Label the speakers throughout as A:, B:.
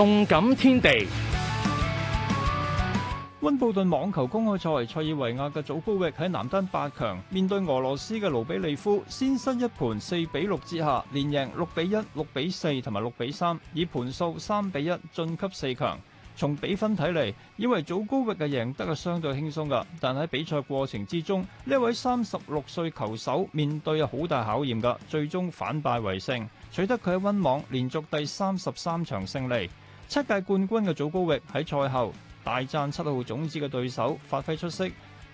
A: 動感天地，溫布頓網球公開賽，塞爾維亞嘅祖高域喺男單八強面對俄羅斯嘅盧比利夫，先失一盤四比六之下，連贏六比一、六比四同埋六比三，以盤數三比一晉級四強。從比分睇嚟，以為祖高域嘅贏得係相對輕鬆噶，但喺比賽過程之中，呢位三十六歲球手面對有好大考驗噶，最終反敗為勝，取得佢喺溫網連續第三十三場勝利。七屆冠軍嘅祖高域喺賽後大贊七號種子嘅對手發揮出色，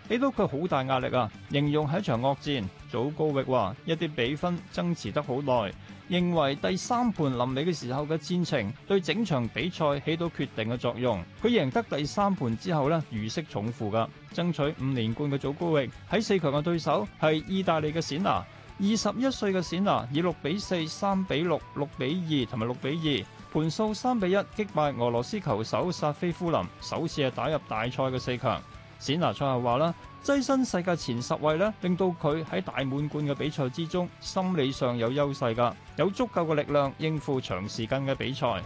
A: 俾到佢好大壓力啊！形容係一場惡戰。祖高域話一啲比分爭持得好耐，認為第三盤臨尾嘅時候嘅戰情對整場比賽起到決定嘅作用。佢贏得第三盤之後呢，如釋重負噶。爭取五連冠嘅祖高域喺四強嘅對手係意大利嘅冼拿，二十一歲嘅冼拿以六比四、三比六、六比二同埋六比二。盤數三比一擊敗俄羅斯球手薩菲夫林，首次係打入大賽嘅四強。冼拿賽後話啦，躋身世界前十位呢，令到佢喺大滿貫嘅比賽之中心理上有優勢噶，有足夠嘅力量應付長時間嘅比賽。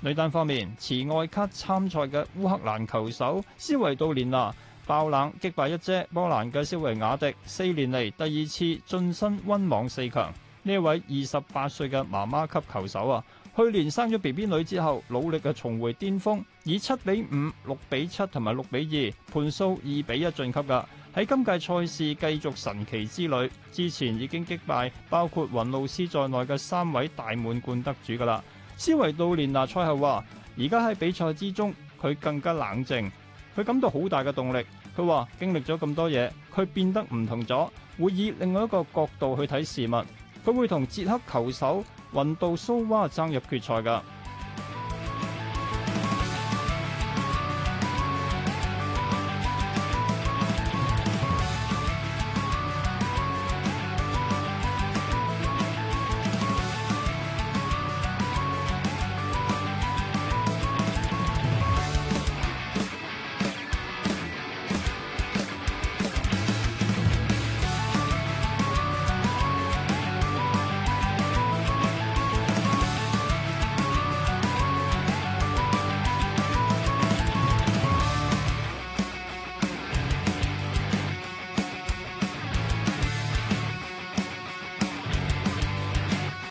A: 女單方面，持外卡參賽嘅烏克蘭球手施維度蓮娜爆冷擊敗一姐波蘭嘅施維雅迪，四年嚟第二次晉身溫網四強。呢位二十八歲嘅媽媽級球手啊！去年生咗 B B 女之後，努力嘅重回巔峰，以七比五、六比七同埋六比二盤數二比一晉級㗎。喺今屆賽事繼續神奇之旅，之前已經擊敗包括雲露絲在內嘅三位大滿貫得主噶啦。施維度蓮娜賽後話：而家喺比賽之中，佢更加冷靜，佢感到好大嘅動力。佢話經歷咗咁多嘢，佢變得唔同咗，會以另外一個角度去睇事物。佢會同捷克球手雲杜蘇娃爭入決賽㗎。